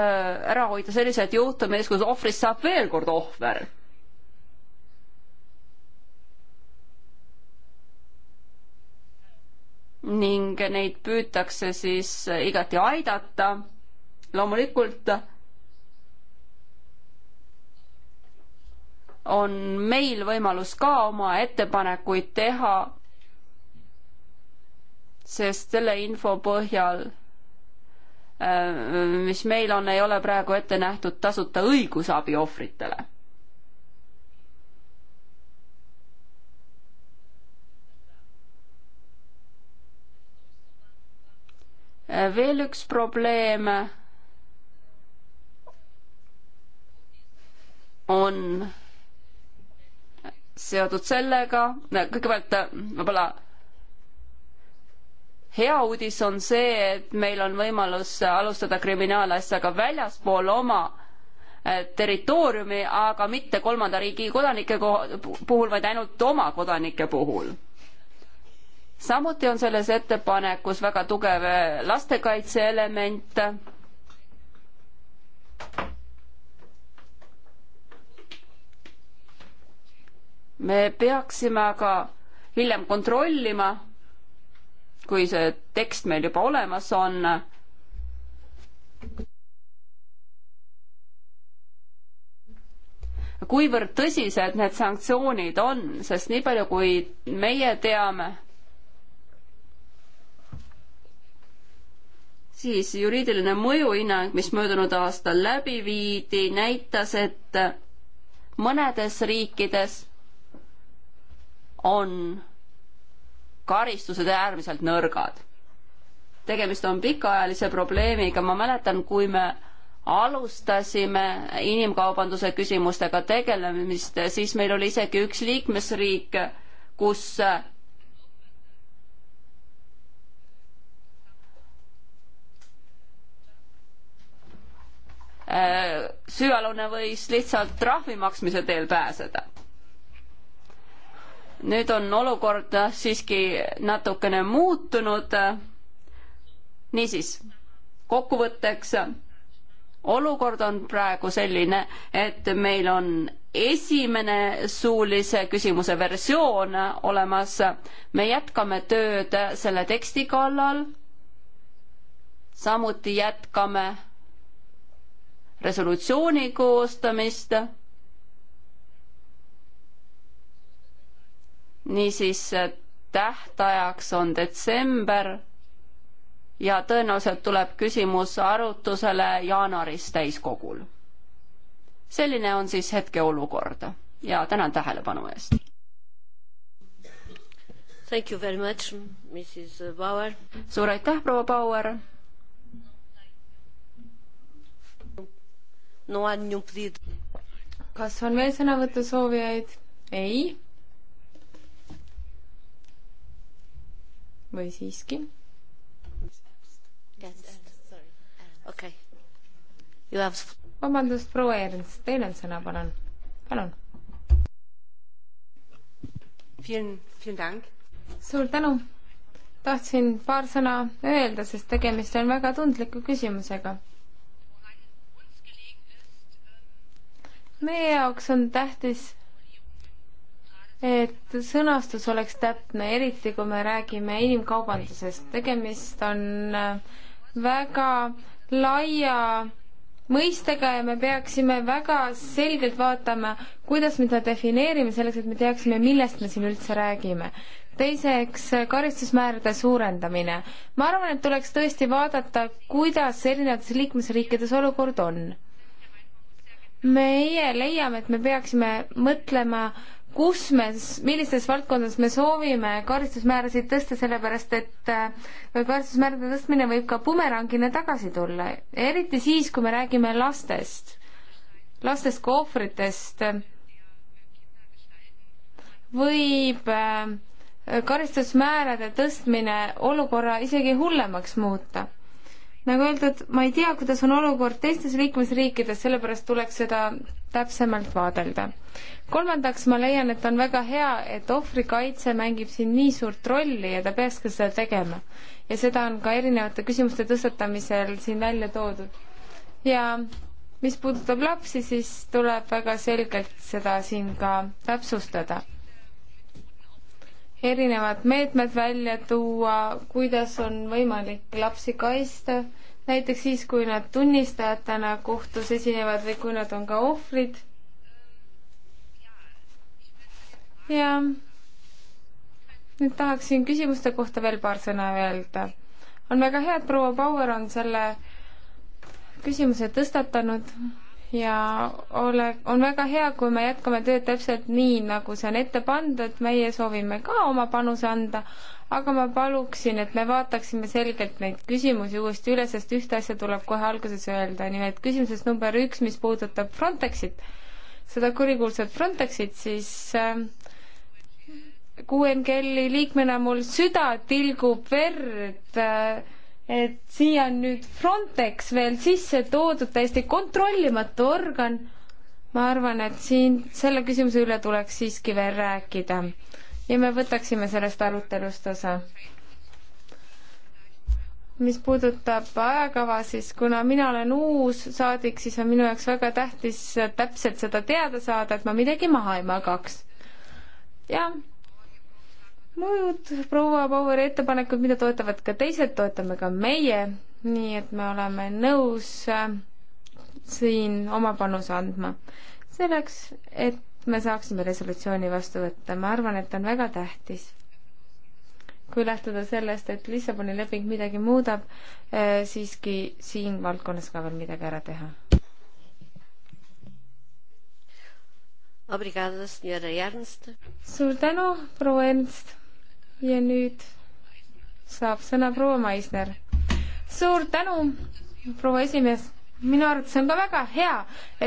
ära hoida sellised juhtumid, kus ohvrist saab veel kord ohver. ning neid püütakse siis igati aidata. loomulikult on meil võimalus ka oma ettepanekuid teha, sest selle info põhjal Äh, mis meil on, ei ole praegu ette nähtud tasuta õigusabi ohvritele. Äh, veel üks probleem on seotud sellega, kõigepealt äh, võib-olla hea uudis on see, et meil on võimalus alustada kriminaalasja ka väljaspool oma eh, territooriumi, aga mitte kolmanda riigi kodanike puhul, vaid ainult oma kodanike puhul. samuti on selles ettepanekus väga tugev eh, lastekaitse element. me peaksime aga hiljem kontrollima kui see tekst meil juba olemas on. kuivõrd tõsised need sanktsioonid on, sest nii palju, kui meie teame, siis juriidiline mõjuhinnang, mis möödunud aastal läbi viidi, näitas, et mõnedes riikides on karistused äärmiselt nõrgad. tegemist on pikaajalise probleemiga, ma mäletan, kui me alustasime inimkaubanduse küsimustega tegelemist, siis meil oli isegi üks liikmesriik, kus äh, süüalune võis lihtsalt trahvi maksmise teel pääseda nüüd on olukord siiski natukene muutunud. niisiis, kokkuvõtteks, olukord on praegu selline, et meil on esimene suulise küsimuse versioon olemas. me jätkame tööd selle teksti kallal. samuti jätkame resolutsiooni koostamist niisiis tähtajaks on detsember ja tõenäoliselt tuleb küsimus arutusele jaanuaris täiskogul. selline on siis hetkeolukord ja tänan tähelepanu eest. Thank you very much, Mrs Bauer. suur aitäh, proua Bauer. no on ju. kas on veel sõnavõtusoovijaid? ei või siiski? vabandust, proua Ernst, teil on sõna, palun, palun. suur tänu. tahtsin paar sõna öelda, sest tegemist on väga tundliku küsimusega meie jaoks on tähtis et sõnastus oleks täpne, eriti kui me räägime inimkaubandusest. tegemist on äh, väga laia mõistega ja me peaksime väga selgelt vaatama, kuidas me seda defineerime, selleks et me teaksime, millest me siin üldse räägime. teiseks, äh, karistusmäärade suurendamine. ma arvan, et tuleks tõesti vaadata, kuidas erinevates liikmesriikides olukord on meie leiame, et me peaksime mõtlema kus me, millistes valdkondades me soovime karistusmäärasid tõsta, sellepärast et äh, karistusmäärade tõstmine võib ka bumerangina tagasi tulla, eriti siis, kui me räägime lastest, lastest kui ohvritest. võib äh, karistusmäärade tõstmine olukorra isegi hullemaks muuta nagu öeldud, ma ei tea, kuidas on olukord teistes liikmesriikides, sellepärast tuleks seda täpsemalt vaadelda. kolmandaks, ma leian, et on väga hea, et ohvrikaitse mängib siin nii suurt rolli ja ta peaks ka seda tegema. ja seda on ka erinevate küsimuste tõstatamisel siin välja toodud. ja mis puudutab lapsi, siis tuleb väga selgelt seda siin ka täpsustada erinevad meetmed välja tuua, kuidas on võimalik lapsi kaitsta, näiteks siis, kui nad tunnistajatena kohtus esinevad või kui nad on ka ohvrid. ja nüüd tahaksin küsimuste kohta veel paar sõna öelda. on väga hea, et proua Bauer on selle küsimuse tõstatanud ja ole, on väga hea, kui me jätkame tööd täpselt nii, nagu see on ette pandud, meie soovime ka oma panuse anda, aga ma paluksin, et me vaataksime selgelt neid küsimusi uuesti üle, sest ühte asja tuleb kohe alguses öelda, nimelt küsimuses number üks, mis puudutab Frontexit, seda kurikuulsat Frontexit, siis äh, QNGL-i liikmena mul süda tilgub verd äh, et siia on nüüd Frontex veel sisse toodud, täiesti kontrollimatu organ. ma arvan, et siin selle küsimuse üle tuleks siiski veel rääkida ja me võtaksime sellest arutelust osa. mis puudutab ajakava, siis kuna mina olen uus saadik, siis on minu jaoks väga tähtis täpselt seda teada saada, et ma midagi maha ei magaks. jah muud proua Baueri ettepanekud, mida toetavad ka teised, toetame ka meie, nii et me oleme nõus äh, siin oma panuse andma. selleks, et me saaksime resolutsiooni vastu võtta, ma arvan, et on väga tähtis. kui lähtuda sellest, et Lissaboni leping midagi muudab, äh, siiski siin valdkonnas ka veel midagi ära teha Obrigada, senhora Ernst. Suur tänu, proua Ernst ja nüüd saab sõna proua Maisner. suur tänu, proua esimees minu arvates on ka väga hea,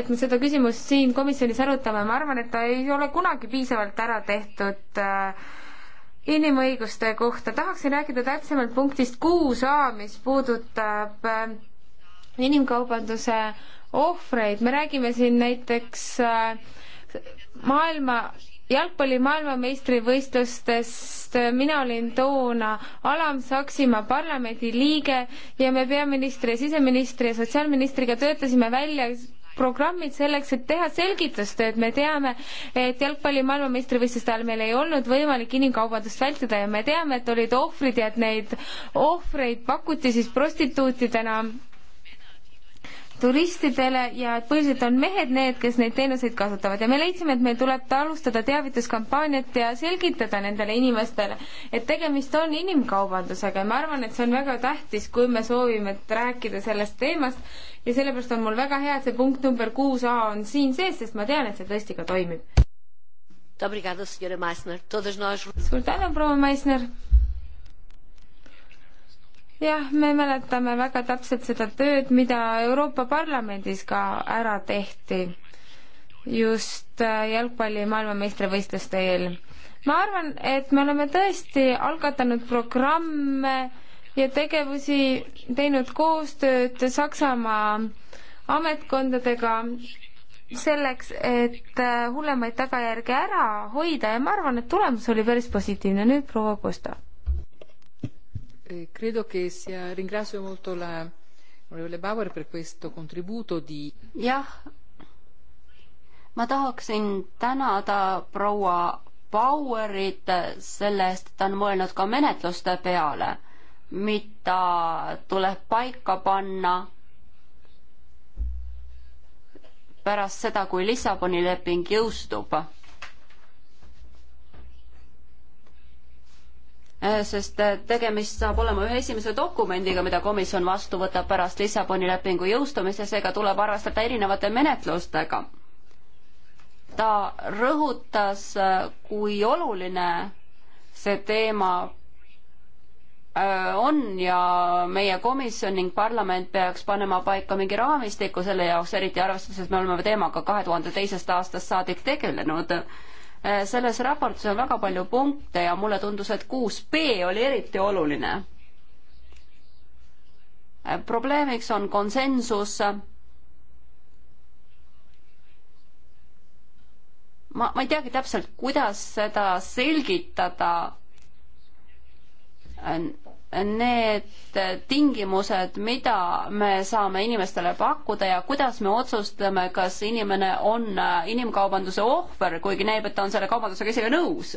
et me seda küsimust siin komisjonis arutame, ma arvan, et ta ei ole kunagi piisavalt ära tehtud äh, inimõiguste kohta. tahaksin rääkida täpsemalt punktist kuus A, mis puudutab äh, inimkaubanduse ohvreid. me räägime siin näiteks äh, maailma jalgpalli maailmameistrivõistlustest, mina olin toona Alam-Saksimaa parlamendi liige ja me peaministri ja siseministri ja sotsiaalministriga töötasime välja programmid selleks, et teha selgitustööd, me teame, et jalgpalli maailmameistrivõistluste ajal meil ei olnud võimalik inimkaubandust vältida ja me teame, et olid ohvrid ja et neid ohvreid pakuti siis prostituutidena turistidele ja et põhiliselt on mehed need, kes neid teenuseid kasutavad ja me leidsime, et meil tuleb alustada teavituskampaaniat ja selgitada nendele inimestele, et tegemist on inimkaubandusega ja ma arvan, et see on väga tähtis, kui me soovime rääkida sellest teemast ja sellepärast on mul väga hea, et see punkt number kuus A on siin sees, sest ma tean, et see tõesti ka toimib. suur tänu, proua Meissner! jah, me mäletame väga täpselt seda tööd, mida Euroopa Parlamendis ka ära tehti just äh, jalgpalli maailmameistrivõistluste eel. ma arvan, et me oleme tõesti algatanud programme ja tegevusi, teinud koostööd Saksamaa ametkondadega selleks, et äh, hullemaid tagajärgi ära hoida ja ma arvan, et tulemus oli päris positiivne. nüüd proua Kosta Eh, credo che sia, ringrazio molto la onorevole Bauer per questo contributo di. jah, ma tahaksin tänada proua Bauerit selle eest, et ta on mõelnud ka menetluste peale, mida tuleb paika panna pärast seda, kui Lissaboni leping jõustub Äh, sest äh, tegemist saab olema ühe esimese dokumendiga, mida komisjon vastu võtab pärast Lissaboni lepingu jõustumist ja seega tuleb arvestada erinevate menetlustega. ta rõhutas, äh, kui oluline see teema on ja meie komisjon ning parlament peaks panema paika mingi raamistiku selle jaoks, eriti arvestades, et me oleme teemaga kahe tuhande teisest aastast saadik tegelenud Äh, selles raportis on väga palju punkte ja mulle tundus, et kuus B oli eriti oluline. Äh, probleemiks on konsensus. ma, ma ei teagi täpselt, kuidas seda selgitada äh, need tingimused, mida me saame inimestele pakkuda ja kuidas me otsustame, kas inimene on äh, inimkaubanduse ohver, kuigi näib, et ta on selle kaubandusega isegi nõus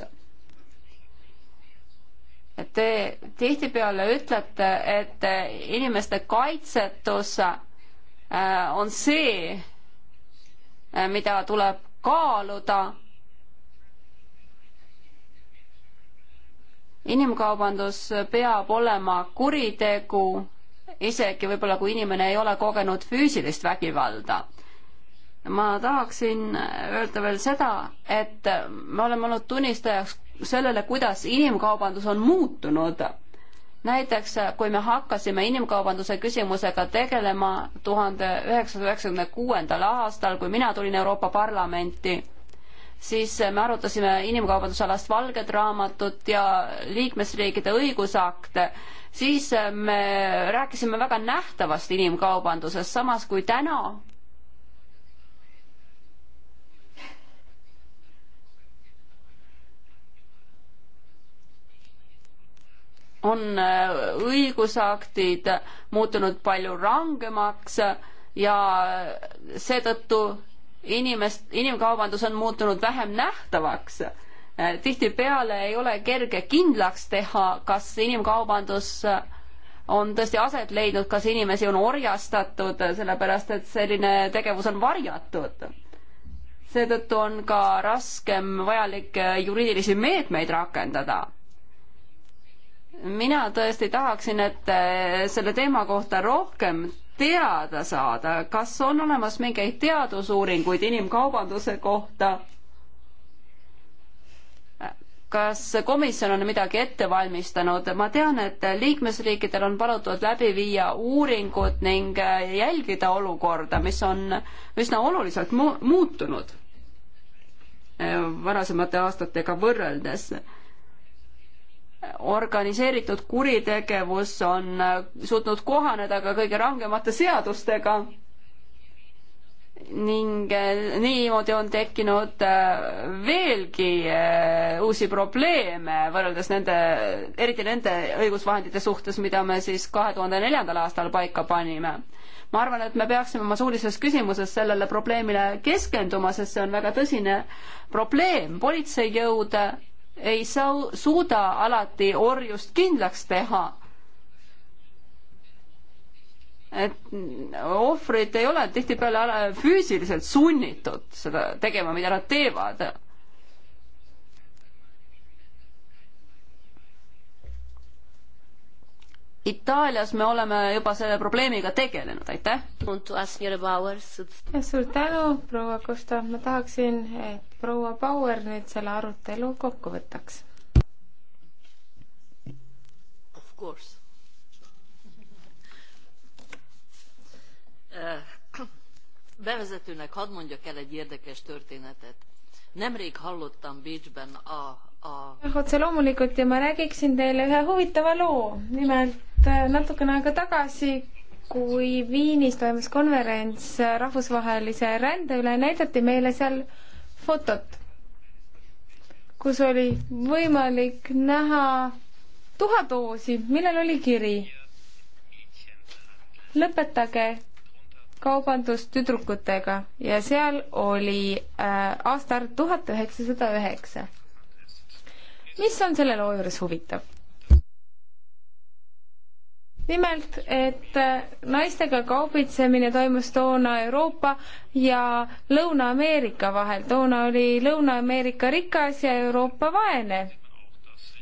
te tihtipeale ütlete, et inimeste kaitsetus äh, on see, äh, mida tuleb kaaluda inimkaubandus peab olema kuritegu, isegi võib-olla, kui inimene ei ole kogenud füüsilist vägivalda ma tahaksin öelda veel seda, et me oleme olnud tunnistajaks sellele, kuidas inimkaubandus on muutunud. näiteks, kui me hakkasime inimkaubanduse küsimusega tegelema tuhande üheksasaja üheksakümne kuuendal aastal, kui mina tulin Euroopa Parlamenti siis me arutasime inimkaubandusalast valget raamatut ja liikmesriikide õigusakte, siis me rääkisime väga nähtavast inimkaubandusest, samas kui täna on äh, õigusaktid muutunud palju rangemaks ja äh, seetõttu inimest, inimkaubandus on muutunud vähem nähtavaks. Eh, tihtipeale ei ole kerge kindlaks teha, kas inimkaubandus eh, on tõesti aset leidnud, kas inimesi on orjastatud, eh, sellepärast et selline tegevus on varjatud. seetõttu on ka raskem vajalikke juriidilisi meetmeid rakendada mina tõesti tahaksin, et selle teema kohta rohkem teada saada, kas on olemas mingeid teadusuuringuid inimkaubanduse kohta? kas komisjon on midagi ette valmistanud? ma tean, et liikmesriikidel on palutud läbi viia uuringud ning jälgida olukorda, mis on üsna oluliselt mu muutunud varasemate aastatega võrreldes organiseeritud kuritegevus on äh, suutnud kohaneda ka kõige rangemate seadustega ning äh, niimoodi on tekkinud äh, veelgi uusi probleeme võrreldes nende, eriti nende õigusvahendite suhtes, mida me siis kahe tuhande neljandal aastal paika panime. ma arvan, et me peaksime oma suulises küsimuses sellele probleemile keskenduma, sest see on väga tõsine probleem. politseijõud ei saa, suuda alati orjust kindlaks teha. et ohvrid ei ole tihtipeale füüsiliselt sunnitud seda tegema, mida nad teevad Itaalias me oleme juba selle probleemiga tegelenud, aitäh! suur tänu, proua Kosta, ma tahaksin, et proua Bauer nüüd selle arutelu kokku võtaks. Of course uh,. Bevezetőnek hadd mondjak el egy érdekes történetet. Nemrég hallottam Bécsben a, a otse loomulikult ja ma räägiksin teile ühe huvitava loo, nimelt et natukene aega tagasi, kui Viinis toimus konverents rahvusvahelise rände üle, näidati meile seal fotot, kus oli võimalik näha tuhadoosi, millel oli kiri. lõpetage kaubandus tüdrukutega ja seal oli äh, aastaarv tuhat üheksasada üheksa. mis on selle loo juures huvitav? nimelt, et äh, naistega kaubitsemine toimus toona Euroopa ja Lõuna-Ameerika vahel. toona oli Lõuna-Ameerika rikas ja Euroopa vaene.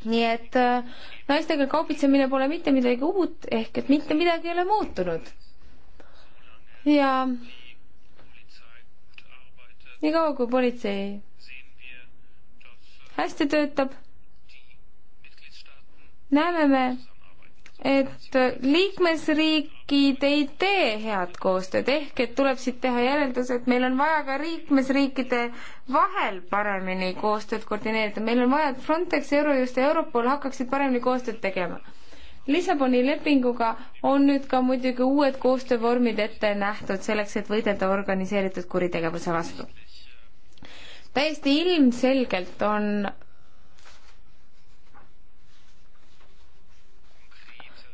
nii et äh, naistega kaubitsemine pole mitte midagi uut, ehk et mitte midagi ei ole muutunud. ja niikaua, kui politsei hästi töötab, näeme me, et liikmesriigid ei tee head koostööd, ehk et tuleb siit teha järeldus, et meil on vaja ka liikmesriikide vahel paremini koostööd koordineerida, meil on vaja, et Frontex, Eurojust ja Europol hakkaksid paremini koostööd tegema. Lissaboni lepinguga on nüüd ka muidugi uued koostöövormid ette nähtud selleks, et võidelda organiseeritud kuritegevuse vastu. täiesti ilmselgelt on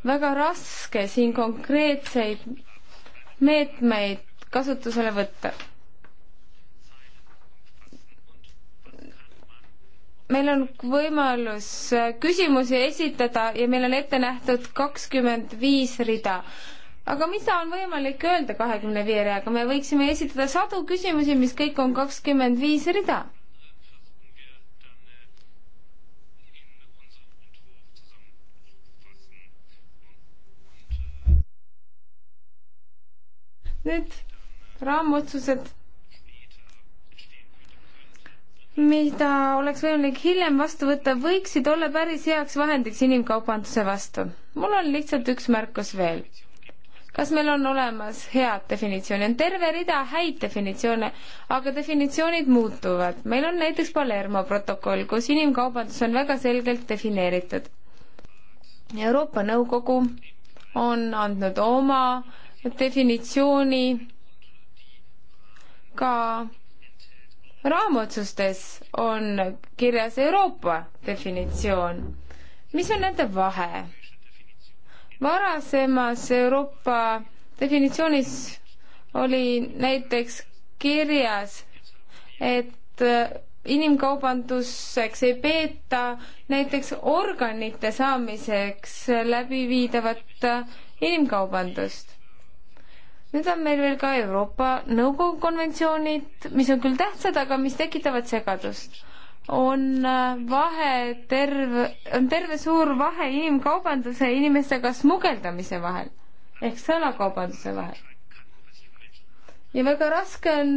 väga raske siin konkreetseid meetmeid kasutusele võtta. meil on võimalus küsimusi esitada ja meil on ette nähtud kakskümmend viis rida aga mida on võimalik öelda kahekümne viie reaga, me võiksime esitada sadu küsimusi, mis kõik on kakskümmend viis rida. nüüd raamotsused, mida oleks võimalik hiljem vastu võtta, võiksid olla päris heaks vahendiks inimkaubanduse vastu. mul on lihtsalt üks märkus veel. kas meil on olemas head definitsiooni? on terve rida häid definitsioone, aga definitsioonid muutuvad. meil on näiteks Palermo protokoll, kus inimkaubandus on väga selgelt defineeritud. Euroopa Nõukogu on andnud oma definitsiooni ka raamotsustes on kirjas Euroopa definitsioon. mis on nende vahe? varasemas Euroopa definitsioonis oli näiteks kirjas, et äh, inimkaubanduseks ei peeta näiteks organite saamiseks läbi viidavat äh, inimkaubandust nüüd on meil veel ka Euroopa Nõukogu konventsioonid, mis on küll tähtsad, aga mis tekitavad segadust. on äh, vahe terve, on terve suur vahe inimkaubanduse ja inimestega smugeldamise vahel ehk salakaubanduse vahel. ja väga raske on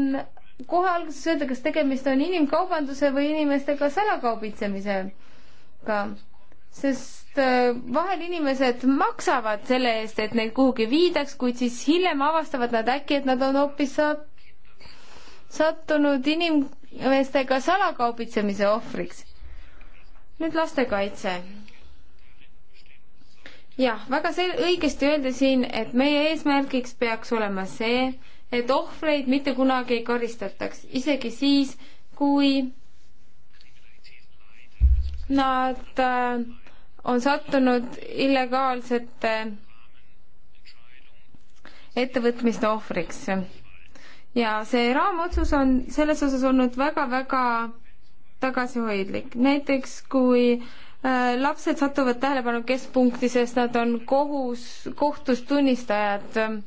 kohe alguses öelda, kas tegemist on inimkaubanduse või inimestega salakaubitsemisega, sest Äh, vahel inimesed maksavad selle eest, et neid kuhugi viidaks, kuid siis hiljem avastavad nad äkki, et nad on hoopis saat-, sattunud inimestega salakaubitsemise ohvriks. nüüd lastekaitse. jah, väga sel-, õigesti öelda siin, et meie eesmärgiks peaks olema see, et ohvreid mitte kunagi ei karistataks, isegi siis, kui nad äh, on sattunud illegaalsete ettevõtmiste ohvriks. ja see raamotsus on selles osas olnud väga-väga tagasihoidlik. näiteks kui äh, lapsed satuvad tähelepanu keskpunkti, sest nad on kohus, kohtus tunnistajad äh,,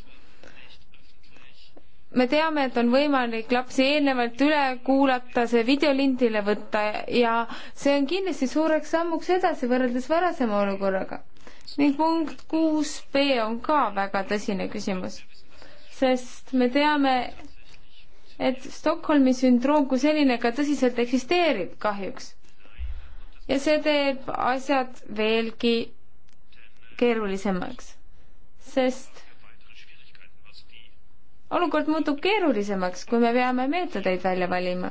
me teame, et on võimalik lapsi eelnevalt üle kuulata, see videolindile võtta ja see on kindlasti suureks sammuks edasi võrreldes varasema olukorraga. ning punkt kuus B on ka väga tõsine küsimus, sest me teame, et Stockholmi sündroom kui selline ka tõsiselt eksisteerib kahjuks. ja see teeb asjad veelgi keerulisemaks, sest olukord muutub keerulisemaks, kui me peame meetodeid välja valima.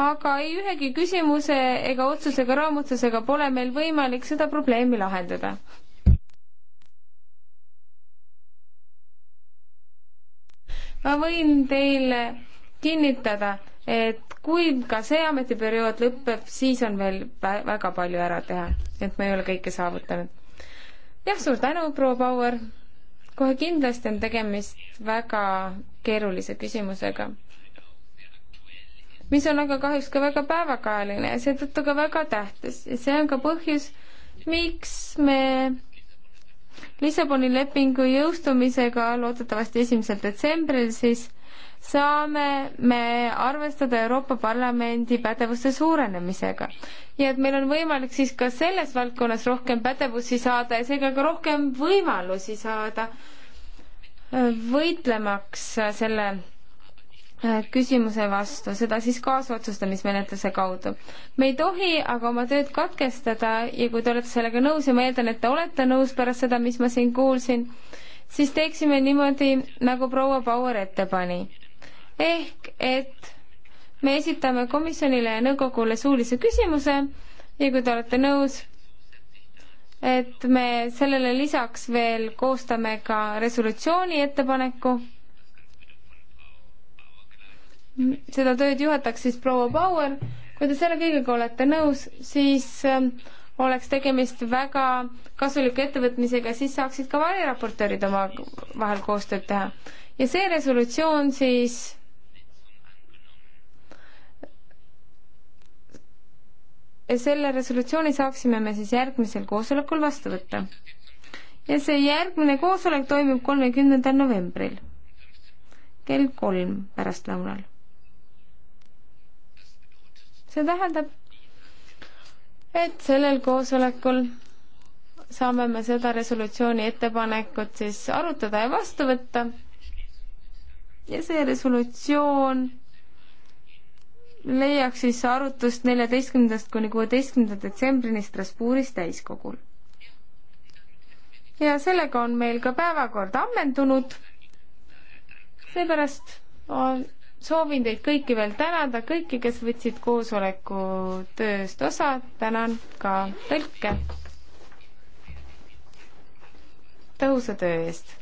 aga ei ühegi küsimuse ega otsusega raamotsusega pole meil võimalik seda probleemi lahendada. ma võin teile kinnitada, et kui ka see ametiperiood lõpeb, siis on veel väga palju ära teha, et ma ei ole kõike saavutanud. jah, suur tänu, proua Bauer kohe kindlasti on tegemist väga keerulise küsimusega, mis on aga kahjuks ka väga päevakajaline ja seetõttu ka väga tähtis ja see on ka põhjus, miks me Lissaboni lepingu jõustumisega loodetavasti esimesel detsembril siis saame me arvestada Euroopa Parlamendi pädevuste suurenemisega. nii et meil on võimalik siis ka selles valdkonnas rohkem pädevusi saada ja seega ka rohkem võimalusi saada äh, võitlemaks selle äh, küsimuse vastu, seda siis kaasotsustamismenetluse kaudu. me ei tohi aga oma tööd katkestada ja kui te olete sellega nõus ja ma eeldan, et te olete nõus pärast seda, mis ma siin kuulsin, siis teeksime niimoodi, nagu proua Bauer ette pani ehk et me esitame komisjonile ja nõukogule suulise küsimuse ja kui te olete nõus, et me sellele lisaks veel koostame ka resolutsiooni ettepaneku. seda tööd juhataks siis proua Bauer. kui te selle kõigega olete nõus, siis ähm, oleks tegemist väga kasuliku ettevõtmisega, siis saaksid ka variraportöörid omavahel koostööd teha. ja see resolutsioon siis selle resolutsiooni saaksime me siis järgmisel koosolekul vastu võtta. ja see järgmine koosolek toimub kolmekümnendal novembril kell kolm pärastlõunal. see tähendab, et sellel koosolekul saame me seda resolutsiooni ettepanekut siis arutada ja vastu võtta ja see resolutsioon leiaks siis arutust neljateistkümnendast kuni kuueteistkümnenda detsembrini Strasbourgis täiskogul. ja sellega on meil ka päevakord ammendunud. seepärast on, soovin teid kõiki veel tänada, kõiki, kes võtsid koosoleku tööst osa, tänan ka tõlke tõhusa töö eest